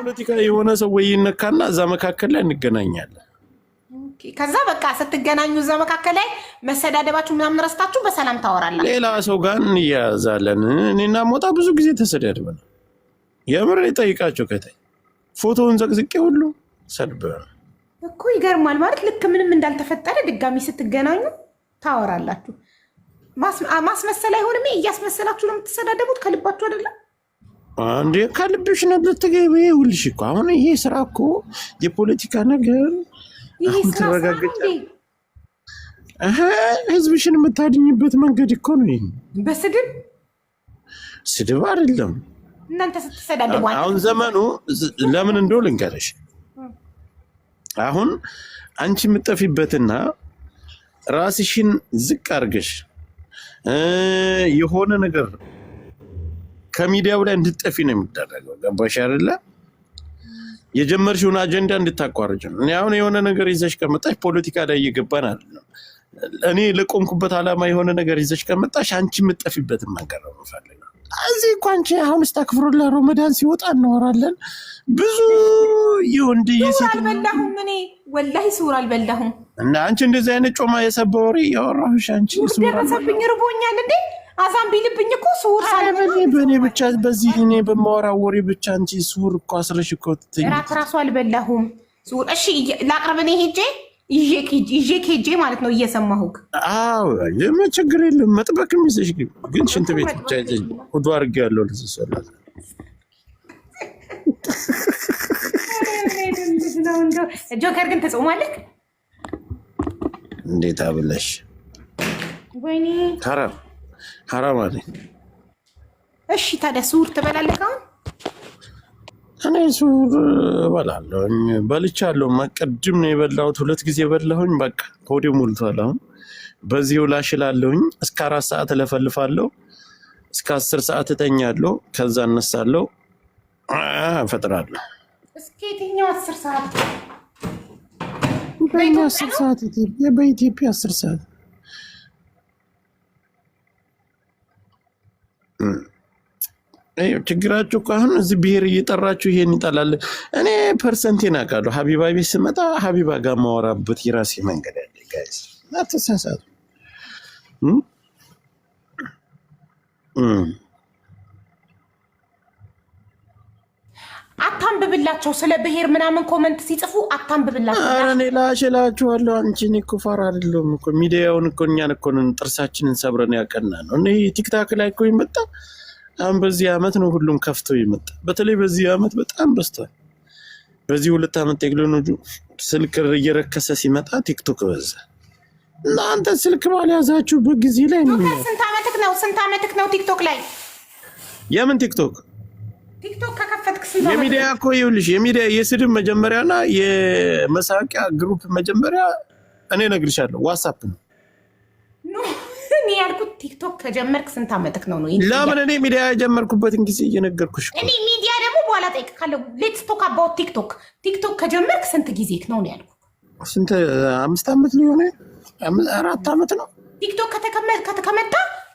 ፖለቲካ የሆነ ሰው ወይ ይነካና እዛ መካከል ላይ እንገናኛለን። ከዛ በቃ ስትገናኙ እዛ መካከል ላይ መሰዳደባችሁ ምናምን ረስታችሁ በሰላም ታወራላችሁ። ሌላ ሰው ጋር እንያያዛለን። እኔና ሞጣ ብዙ ጊዜ ተሰዳድበናል። የምር ጠይቃቸው ከታይ ፎቶውን ዘቅዝቄ ሁሉ ሰድበ እኮ ይገርማል። ማለት ልክ ምንም እንዳልተፈጠረ ድጋሚ ስትገናኙ ታወራላችሁ። ማስመሰል አይሆንም። እያስመሰላችሁ ነው የምትሰዳደቡት። ከልባችሁ አይደለም። አንዴ ከልብሽ ነው ልትገቢ ውልሽ እኮ አሁን ይሄ ስራ እኮ የፖለቲካ ነገር አሁን ትረጋገጫ ህዝብሽን የምታድኝበት መንገድ እኮ ነው። ይሄ በስድብ ስድብ አይደለም። እናንተ ስትሰዳደቡ አሁን ዘመኑ ለምን እንደው ልንገርሽ፣ አሁን አንቺ የምጠፊበትና ራስሽን ዝቅ አድርገሽ የሆነ ነገር ከሚዲያው ላይ እንድጠፊ ነው የሚደረገው። ገባሽ አይደለ? የጀመርሽውን አጀንዳ እንድታቋርጭ ነው። እኔ አሁን የሆነ ነገር ይዘሽ ከመጣሽ ፖለቲካ ላይ እየገባን አይደለም። እኔ ለቆምኩበት ዓላማ የሆነ ነገር ይዘሽ ከመጣሽ አንቺ የምጠፊበትን መንገድ ነው የምፈልገው። እዚህ እኮ አንቺ አሁን ስታክፍሩላ ሮመዳን ሲወጣ እናወራለን። ብዙ የወንድ ሴት አልበላሁም እኔ ወላሂ ስውር አልበላሁም። እና አንቺ እንደዚህ አይነት ጮማ የሰባ ወሬ እያወራሁሽ አንቺ ደረሰብኝ፣ ርቦኛል እንዴ አዛም ቢልብኝ እኮ ስውር ሳለበኔ በእኔ ብቻ በዚህ እኔ በማወራ ወሬ ብቻ እንጂ ስውር እኮ አስረሽ እኮ ራት ራሱ አልበላሁም። ስውር እሺ፣ ለአቅርብኔ ሄጄ ይዤ ሄጄ ማለት ነው። እየሰማሁህ የምን ችግር የለም። መጥበቅ የሚዘሽ ግን ሽንት ቤት ብቻ ይዘኝ ሁዱ አርግ ያለው ልስሰላት ጆከር ግን ተጾማለህ እንዴት አብለሽ ወይኔ ታራ ሐራም አለኝ። እሺ ታዲያ ስውር ትበላለህ? አሁን እኔ ስውር እበላለሁኝ። በልቻለሁ። ቅድም ነው የበላሁት፣ ሁለት ጊዜ በላሁኝ። በቃ ሆዴ ሞልቷል። አሁን በዚሁ ላሽላለሁኝ። እስከ አራት ሰዓት እለፈልፋለሁ። እስከ አስር ሰዓት እተኛለሁ። ከዛ እነሳለሁ፣ እፈጥራለሁ። እስከ የትኛው አስር ሰዓት? በኢትዮጵያ አስር ሰዓት ችግራችሁ እኮ አሁን እዚህ ብሔር እየጠራችሁ ይሄን ይጠላል። እኔ ፐርሰንቴን አውቃለሁ። ሀቢባ ቤት ስመጣ ሀቢባ ጋር ማወራበት የራሴ መንገድ አለ። ጋይስ አትሳሳቱ። አታንብብላቸው ስለ ብሄር ምናምን ኮመንት ሲጽፉ አታንብብላቸው። ኧረ እኔ ላሽ እላችኋለሁ። አንቺ እኔ እኮ ፋራ አይደለሁም እኮ ሚዲያውን እኮ እኛን እኮ ጥርሳችንን ሰብረን ያቀና ነው። እ ቲክታክ ላይ እኮ ይመጣ አሁን በዚህ አመት ነው ሁሉም ከፍተው ይመጣ። በተለይ በዚህ አመት በጣም በዝቷል። በዚህ ሁለት አመት ቴክኖሎጂ ስልክ እየረከሰ ሲመጣ ቲክቶክ በዛ። እናንተ ስልክ ባልያዛችሁበት በጊዜ ላይ ነው። ስንት አመትክ ነው? ስንት አመትክ ነው? ቲክቶክ ላይ የምን ቲክቶክ ቲክቶክ ከከፈትክ ስንት የሚዲያ እኮ ይኸውልሽ፣ የሚዲያ የስድብ መጀመሪያና የመሳቂያ ግሩፕ መጀመሪያ እኔ እነግርሻለሁ ዋትሳፕ ነው እኔ ያልኩት ቲክቶክ ከጀመርክ ስንት አመት ነው ነው? ለምን እኔ ሚዲያ የጀመርኩበትን ጊዜ እየነገርኩሽ። እኔ ሚዲያ ደግሞ በኋላ ጠይቅካለሁ። ሌትስ ቶክ አባውት ቲክቶክ። ቲክቶክ ከጀመርክ ስንት ጊዜ ነው ነው ያልኩት። ስንት አምስት ዓመት ሊሆነ አራት ዓመት ነው ቲክቶክ ከተከመጣ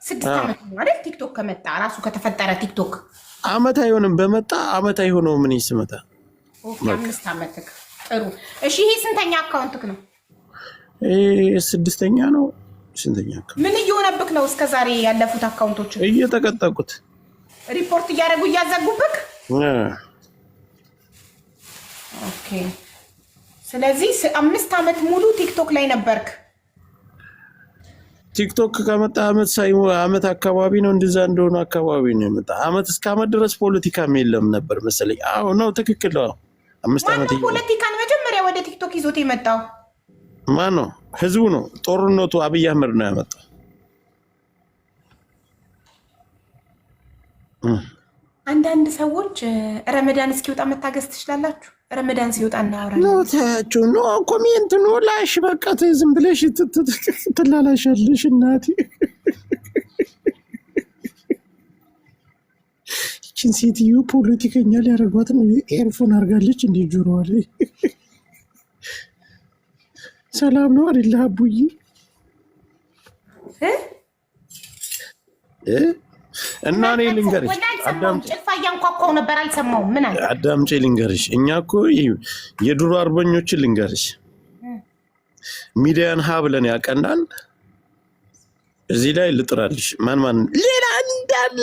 ስድስት ዓመት ነው አይደል? ቲክቶክ ከመጣ ራሱ ከተፈጠረ ቲክቶክ አመት አይሆንም። በመጣ አመት አይሆነውም። ምን ስመጣ አምስት ዓመት። ጥሩ እሺ፣ ይሄ ስንተኛ አካውንትክ ነው? ስድስተኛ ነው። ስንተኛ ምን እየሆነብክ ነው? እስከ ዛሬ ያለፉት አካውንቶች እየተቀጠቁት ሪፖርት እያደረጉ እያዘጉብክ። ኦኬ ስለዚህ አምስት ዓመት ሙሉ ቲክቶክ ላይ ነበርክ። ቲክቶክ ከመጣ አመት ሳይ አመት አካባቢ ነው እንደዛ እንደሆነ አካባቢ ነው የመጣ አመት እስከ አመት ድረስ ፖለቲካም የለም ነበር መሰለኝ። አዎ ነው ትክክል ነው። አምስት ዓመት ፖለቲካን መጀመሪያ ወደ ቲክቶክ ይዞት የመጣው ማን ነው? ህዝቡ ነው። ጦርነቱ አብይ አህመድ ነው ያመጣው። አንዳንድ ሰዎች ረመዳን እስኪወጣ መታገስ ትችላላችሁ፣ ረመዳን ሲወጣ እናወራለን ነው ታያችሁ። ኖ ኮሜንት ኖ ላሽ በቃ ዝም ብለሽ ትላላሻለሽ። እናቴ ይችን ሴትዮ ፖለቲከኛ ሊያደርጓት ነው። ኤርፎን አድርጋለች እንዴ ጆሮዋ ላይ ሰላም ነው አይደለ? አቡዬ እና እኔ ልንገርሽ፣ ጭልፋ እያንኳኳው ነበር አልሰማሁም። ምን አለ? አዳምጪ ልንገርሽ፣ እኛ እኮ የድሮ አርበኞችን ልንገርሽ፣ ሚዲያን ሀ ብለን ያቀናል። እዚህ ላይ ልጥራልሽ። ማን ማን ሌላ እንዳለ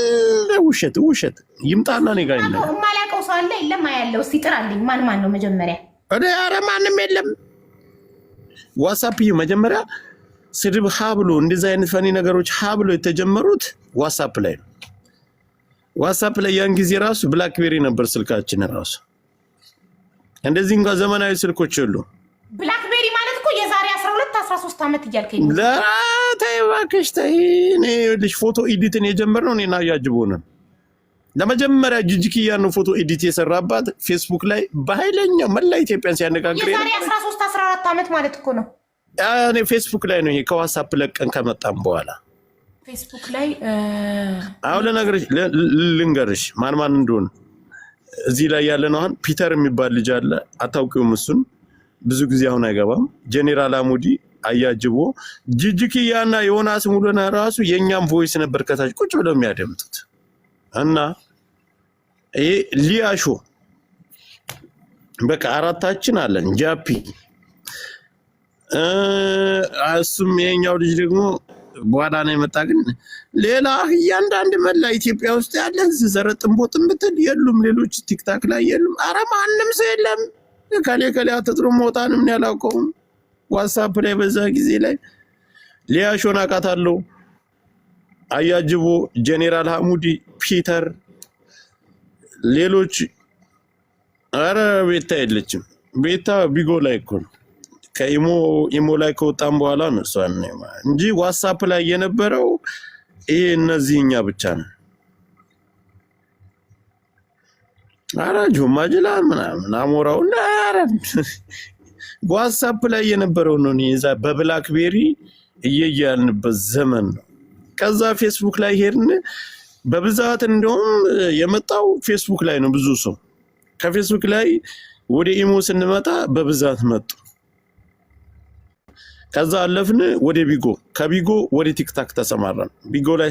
ውሸት ውሸት ይምጣና እኔ ጋር ይለ ማላቀው ሰው አለ የለም ያለው እስኪ ጥራልኝ። ማን ማን ነው መጀመሪያ? ኧረ ማንም የለም ዋትሳፕ እዩ መጀመሪያ ስድብ ሀ ብሎ እንደዚህ አይነት ፈኒ ነገሮች ሀ ብሎ የተጀመሩት ዋትሳፕ ላይ ነው። ዋትሳፕ ላይ ያን ጊዜ ራሱ ብላክቤሪ ነበር ስልካችን ራሱ እንደዚህ እንኳ ዘመናዊ ስልኮች የሉ። ብላክቤሪ ማለት እኮ የዛሬ ዓመት እያልከኝ። ተይ እባክሽ ተይ። እኔ ልጅ ፎቶ ኢዲትን የጀመርነው እኔና ያጅቦ ነን ለመጀመሪያ ጅጅክያ ነው ፎቶ ኤዲት የሰራባት ፌስቡክ ላይ በኃይለኛው መላ ኢትዮጵያን ሲያነጋግር ዓመት ማለት እኮ ነው። እኔ ፌስቡክ ላይ ነው ይሄ ከዋትሳፕ ለቀን ከመጣም በኋላ ፌስቡክ ላይ አሁን ልነግርሽ ልንገርሽ ማን ማን እንደሆነ እዚህ ላይ ያለ ነው። አሁን ፒተር የሚባል ልጅ አለ፣ አታውቂውም። እሱን ብዙ ጊዜ አሁን አይገባም። ጄኔራል አሙዲ አያጅቦ ጅጅክያና ዮናስ ሙሉነህ ራሱ የእኛም ቮይስ ነበር ከታች ቁጭ ብለው የሚያደምጡት እና ይሄ ሊያሾ በቃ አራታችን አለን። ጃፒ እሱም ይሄኛው ልጅ ደግሞ በኋላ ነው የመጣ። ግን ሌላ እያንዳንድ መላ ኢትዮጵያ ውስጥ ያለ ዘረጥን ቦጥን ብትል የሉም። ሌሎች ቲክታክ ላይ የሉም። አረ ማንም ሰው የለም። ከሌ ከሌ አተጥሮ መውጣንም ያላውቀውም ዋትሳፕ ላይ በዛ ጊዜ ላይ ሊያሾን አውቃታለሁ አያጅቦ፣ ጄኔራል ሐሙዲ ፒተር፣ ሌሎች አረ ቤታ የለችም። ቤታ ቢጎ ላይ እኮ ከኢሞ ኢሞ ላይ ከወጣም በኋላ ነው እሷን እንጂ ዋትሳፕ ላይ የነበረው ይሄ እነዚህ እኛ ብቻ ነው። አረ ጆማ ጅላን ምናምን አሞራው አረ ዋትሳፕ ላይ የነበረው ነው። እዛ በብላክቤሪ እየያልንበት ዘመን ነው። ከዛ ፌስቡክ ላይ ሄድን። በብዛት እንደውም የመጣው ፌስቡክ ላይ ነው። ብዙ ሰው ከፌስቡክ ላይ ወደ ኢሞ ስንመጣ በብዛት መጡ። ከዛ አለፍን ወደ ቢጎ፣ ከቢጎ ወደ ቲክታክ ተሰማራን። ቢጎ ላይ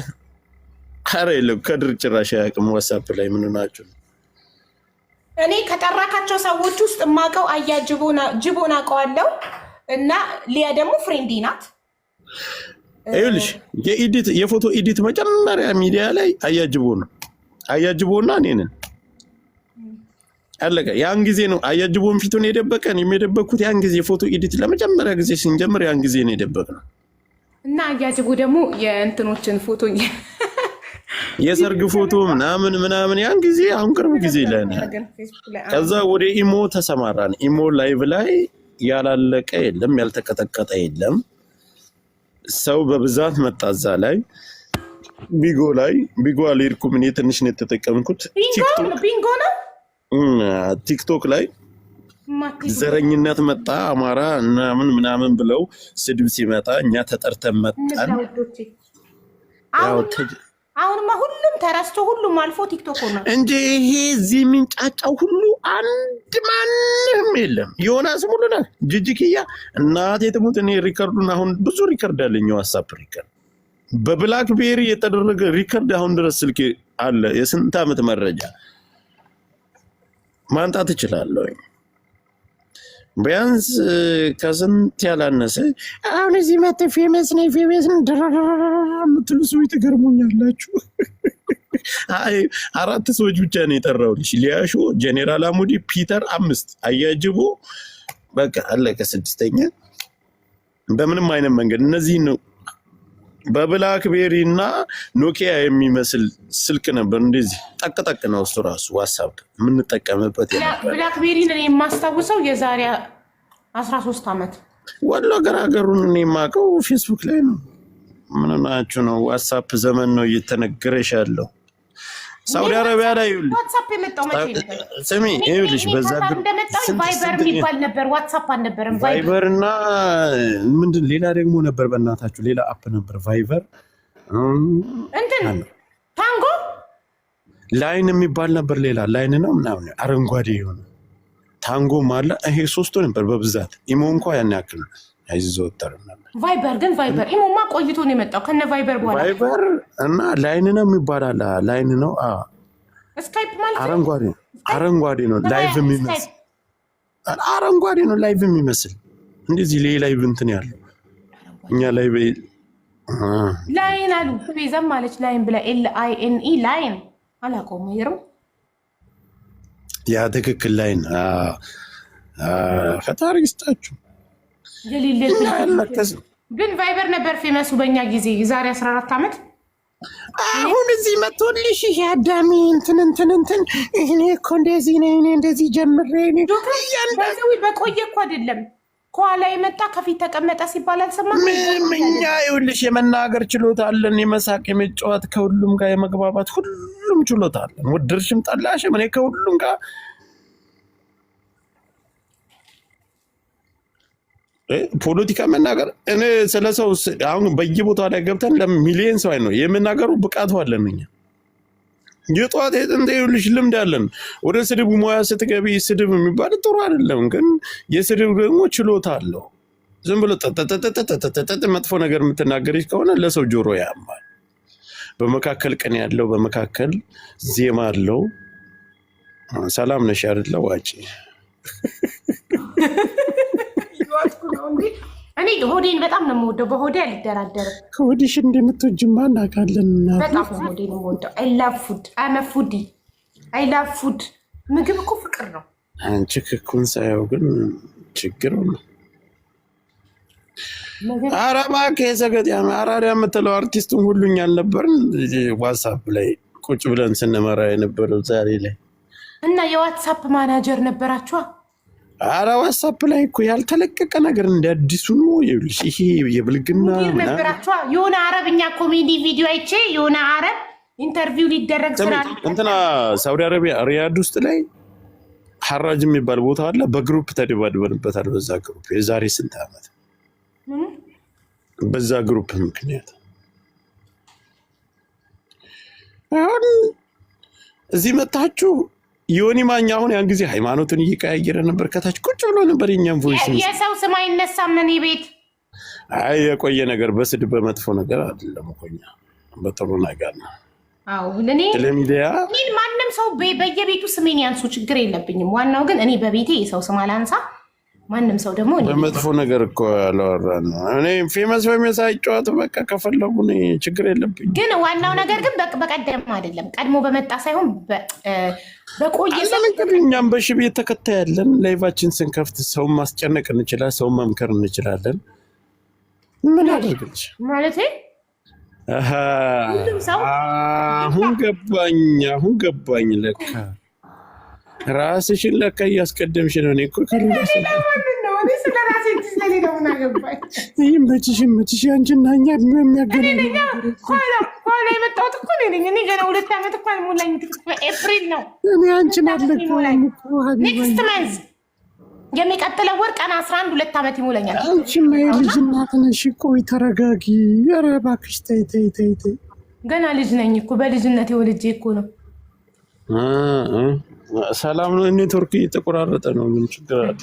አረ የለም ከድር ጭራሽ አያውቅም። ዋትሳፕ ላይ ምን ናቸው? እኔ ከጠራካቸው ሰዎች ውስጥ የማውቀው አያ ጅቦን አውቀዋለሁ እና ሊያ ደግሞ ፍሬንዲ ናት። ይኸውልሽ የኢዲት የፎቶ ኢዲት መጀመሪያ ሚዲያ ላይ አያጅቦ ነው አያጅቦና እኔንን አለቀ። ያን ጊዜ ነው አያጅቦን ፊቱን የደበቀን የሚደበቅኩት ያን ጊዜ የፎቶ ኢዲት ለመጀመሪያ ጊዜ ስንጀምር ያን ጊዜ ነው የደበቅ ነው። እና አያጅቦ ደግሞ የእንትኖችን ፎቶ የሰርግ ፎቶ ምናምን ምናምን ያን ጊዜ አሁን ቅርብ ጊዜ ላይ ነው። ከዛ ወደ ኢሞ ተሰማራን። ኢሞ ላይቭ ላይ ያላለቀ የለም ያልተቀጠቀጠ የለም ሰው በብዛት መጣ እዛ ላይ ቢጎ ላይ ቢጎ አልሄድኩም እኔ ትንሽ ነው የተጠቀምኩት ቲክቶክ ላይ ዘረኝነት መጣ አማራ ምናምን ምናምን ብለው ስድብ ሲመጣ እኛ ተጠርተን መጣን አሁንማ ሁሉም ተረስቶ ሁሉም አልፎ ቲክቶክ ሆነ እንጂ ይሄ እዚህ የሚንጫጫው ሁሉ አንድ ማንም የለም። ዮናስም ሁሉ ነ ጅጅክያ እናቴ ትሙት። እኔ ሪከርዱን አሁን ብዙ ሪከርድ አለኝ፣ ዋትሳፕ ሪከርድ በብላክ ቤሪ የተደረገ ሪከርድ አሁን ድረስ ስልክ አለ። የስንት ዓመት መረጃ ማንጣት እችላለሁ። ቢያንስ ከስንት ያላነሰ አሁን እዚህ መጥ ፌመስ ነ ፌመስ የምትሉ ሰዎች ትገርሙኛላችሁ። አራት ሰዎች ብቻ ነው የጠራሁልሽ። ሊያሾ፣ ጄኔራል አሙዲ፣ ፒተር አምስት፣ አያጅቦ በቃ አለቀ ስድስተኛ። በምንም አይነት መንገድ እነዚህን ነው በብላክቤሪ እና ኖኪያ የሚመስል ስልክ ነበር። እንደዚህ ጠቅ ጠቅ ነው እሱ ራሱ ዋትሳፕ የምንጠቀምበት ብላክቤሪን እኔ የማስታውሰው የዛሬ አስራ ሶስት ዓመት ወሎ ገር ሀገሩን እኔ የማውቀው ፌስቡክ ላይ ነው። ምን ናችሁ ነው ዋትሳፕ ዘመን ነው እየተነገረሽ ያለው። ሳውዲ አረቢያ ላይ ዋትሳፕ የመጣው መቼ ነበር? ስሚ ይኸውልሽ፣ በዛ እንደመጣ ቫይበር የሚባል ነበር፣ ዋትሳፕ አልነበረም። ቫይበር እና ምንድን ሌላ ደግሞ ነበር፣ በእናታችሁ ሌላ አፕ ነበር። ቫይበር እንትን ታንጎ ላይን የሚባል ነበር፣ ሌላ ላይን ነው ምናምን አረንጓዴ የሆነ ታንጎም አለ። ይሄ ሶስቱ ነበር በብዛት ኢሞ እንኳ ያን ያክል ነው። አይዘወተርም ነበር። ቫይበር ግን ቫይበር ኢሞማ ቆይቶ ነው የመጣው ከነ ቫይበር በኋላ ቫይበር እና ላይን ነው የሚባላል ላይን ነው ስካይፕ ማለት አረንጓዴ አረንጓዴ ነው ላይቭ የሚመስል አረንጓዴ ነው ላይቭ የሚመስል እንደዚህ ሌ ላይቭ እንትን ያለው እኛ ላይን አሉ ቤዛም ማለች ላይን ብላ ኤል አይ ኤን ኢ ላይን አላውቀውም። ይርም ያ ትክክል ላይን ፈጣሪ ይስጣችሁ። ግን ቫይበር ነበር ፌመሱ በእኛ ጊዜ የዛሬ 14 ዓመት። አሁን እዚህ መቶልሽ ይሄ አዳሚ እንትን እንትን እንትን እኔ እኮ እንደዚህ ነ እኔ እንደዚህ ጀምሬ በቆየ እኮ አይደለም ከኋላ የመጣ ከፊት ተቀመጠ ሲባል አልሰማም። እኛ ይኸውልሽ የመናገር ችሎታ አለን፣ የመሳቅ የመጫወት ከሁሉም ጋር የመግባባት ሁሉም ችሎታ አለን። ውድርሽም ጠላሽም እኔ ከሁሉም ጋር ፖለቲካ መናገር እኔ ስለ ሰው አሁን በየቦታው ላይ ገብተን ለሚሊየን ሰው ነው የምናገሩ ብቃቱ አለን እኛ የጠዋት የጥንት ይኸውልሽ ልምድ አለን። ወደ ስድብ ሙያ ስትገቢ ስድብ የሚባል ጥሩ አይደለም፣ ግን የስድብ ደግሞ ችሎታ አለው። ዝም ብሎ ጠጠጠጠጠጠጠጥ መጥፎ ነገር የምትናገሪ ከሆነ ለሰው ጆሮ ያማል። በመካከል ቅኔ ያለው በመካከል ዜማ አለው። ሰላም ነሽ አይደለ ዋጭ ነው እንጂ እኔ ሆዴን በጣም ነው የምወደው። በሆዴ አልደራደርም። ከሆዴሽ እንደምትወጂማ እናውቃለን። በጣም ሆዴን የምወደው አይ ላቭ ፉድ ፉዲ አይ ላቭ ፉድ ምግብ እኮ ፍቅር ነው። አንቺ ክኩን ሳየው ግን ችግር ነው። ኧረ እባክህ የሰገጥ አራዳ የምትለው አርቲስቱን አልነበርን ዋትሳፕ ላይ ቁጭ ብለን ስንመራ የነበረው ዛሬ ላይ እና የዋትሳፕ ማናጀር ነበራችኋ? አረ ዋትሳፕ ላይ እኮ ያልተለቀቀ ነገር እንደ አዲሱ ነው። ይሄ የብልግና ነገራቸዋ። የሆነ አረብኛ ኮሜዲ ቪዲዮ አይቼ የሆነ አረብ ኢንተርቪው ሊደረግ ስላለ እንትና ሳውዲ አረቢያ ሪያድ ውስጥ ላይ ሀራጅ የሚባል ቦታ አለ። በግሩፕ ተደባድበንበታል። በዛ ግሩፕ የዛሬ ስንት ዓመት በዛ ግሩፕ ምክንያት አሁን እዚህ መታችሁ ዮኒ ማኛ አሁን ያን ጊዜ ሃይማኖትን እየቀያየረ ነበር። ከታች ቁጭ ብሎ ነበር። የኛም ቮይስ የሰው ስም አይነሳም። እኔ ቤት አይ የቆየ ነገር በስድ በመጥፎ ነገር አይደለም እኮ እኛ በጥሩ ነገር ነው። ማንም ሰው በየቤቱ ስሜን ያንሱ ችግር የለብኝም። ዋናው ግን እኔ በቤቴ የሰው ስም አላንሳ ማንም ሰው ደግሞ በመጥፎ ነገር እኮ ያለወራን ነው። እኔ ፌመስ በሚያሳይ ጨዋታ በቃ ከፈለጉ ችግር የለብኝ። ግን ዋናው ነገር ግን በቀደም አይደለም ቀድሞ በመጣ ሳይሆን በቆየ እኛም በሺህ ቤት ተከታይ ያለን ላይቫችን ስንከፍት ሰውን ማስጨነቅ እንችላለን፣ ሰውን መምከር እንችላለን። ምን አደርግልሽ ማለት አሁን ገባኝ፣ አሁን ገባኝ። ለካ ራስሽን ለካ እያስቀደምሽ ነው እኮ ይመችሽ ይመችሽ። አንቺና እኛ የሚያገናኝ የሚቀጥለው ወር ቀን አስራ አንድ ሁለት ዓመት ይሞላኛል። አንቺማ የልጅ እናት ነሽ። ቆይ ተረጋጊ። ኧረ እባክሽ ተይ ተይ ተይ ተይ። ገና ልጅ ነኝ እኮ በልጅነት የወልጄ እኮ ነው። ሰላም ነው። ኔትወርክ እየተቆራረጠ ነው። ምን ችግር አለ?